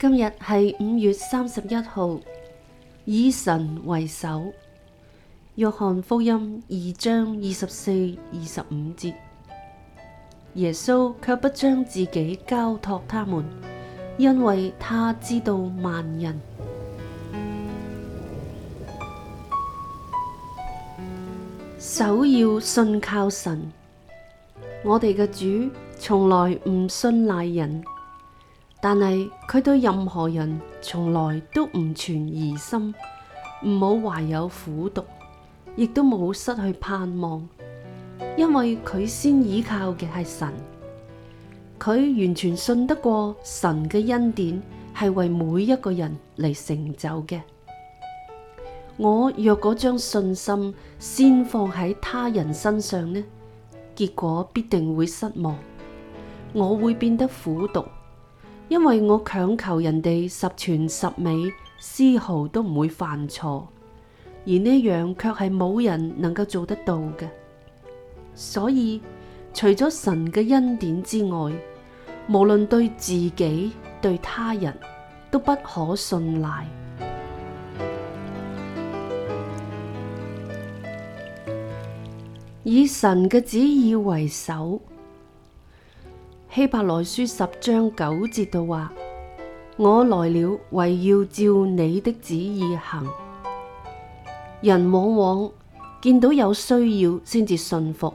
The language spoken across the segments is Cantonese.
今日係五月三十一號，以神為首，約翰福音二章二十四、二十五節，耶穌卻不將自己交託他們，因為他知道萬人首要信靠神，我哋嘅主從來唔信賴人。但係佢對任何人從來都唔存疑心，唔好懷有苦毒，亦都冇失去盼望，因為佢先倚靠嘅係神，佢完全信得過神嘅恩典係為每一個人嚟成就嘅。我若果將信心先放喺他人身上呢，結果必定會失望，我會變得苦毒。因為我強求人哋十全十美，絲毫都唔會犯錯，而呢樣卻係冇人能夠做得到嘅。所以，除咗神嘅恩典之外，無論對自己、對他人，都不可信賴。以神嘅旨意為首。希伯來書十章九節度話：我來了為要照你的旨意行。人往往見到有需要先至順服，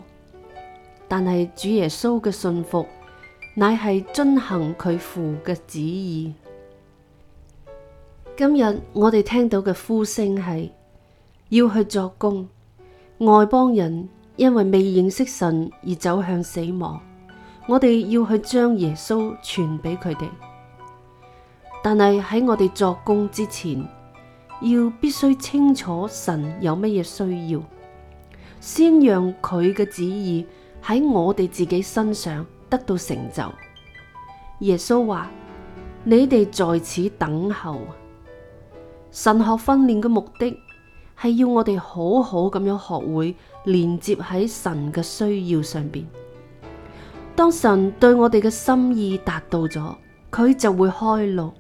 但係主耶穌嘅順服乃係遵行佢父嘅旨意。今日我哋聽到嘅呼聲係要去作工，外邦人，因為未認識神而走向死亡。我哋要去將耶穌傳俾佢哋，但係喺我哋作工之前，要必須清楚神有乜嘢需要，先讓佢嘅旨意喺我哋自己身上得到成就。耶穌話：你哋在此等候。神學訓練嘅目的係要我哋好好咁樣學會連接喺神嘅需要上邊。當神對我哋嘅心意達到咗，佢就會開路，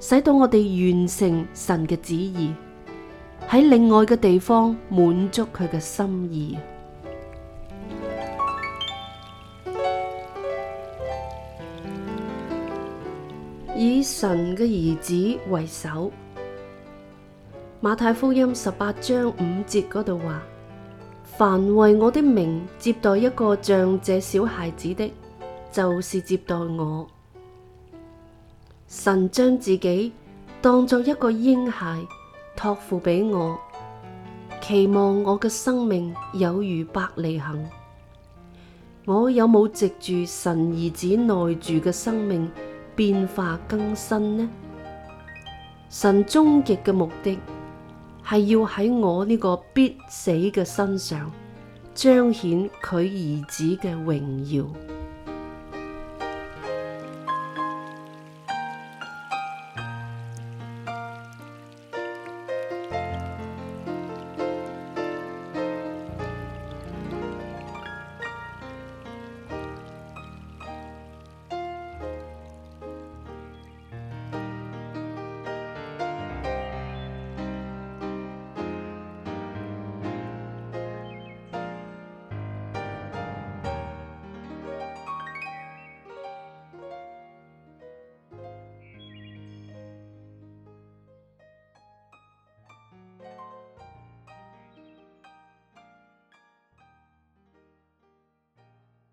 使到我哋完成神嘅旨意，喺另外嘅地方滿足佢嘅心意。以神嘅兒子為首，馬太福音十八章五節嗰度話。凡為我的名接待一個像這小孩子的，就是接待我。神將自己當作一個嬰孩託付俾我，期望我嘅生命有如百里行。我有冇藉住神兒子內住嘅生命變化更新呢？神終極嘅目的。係要喺我呢個必死嘅身上，彰顯佢兒子嘅榮耀。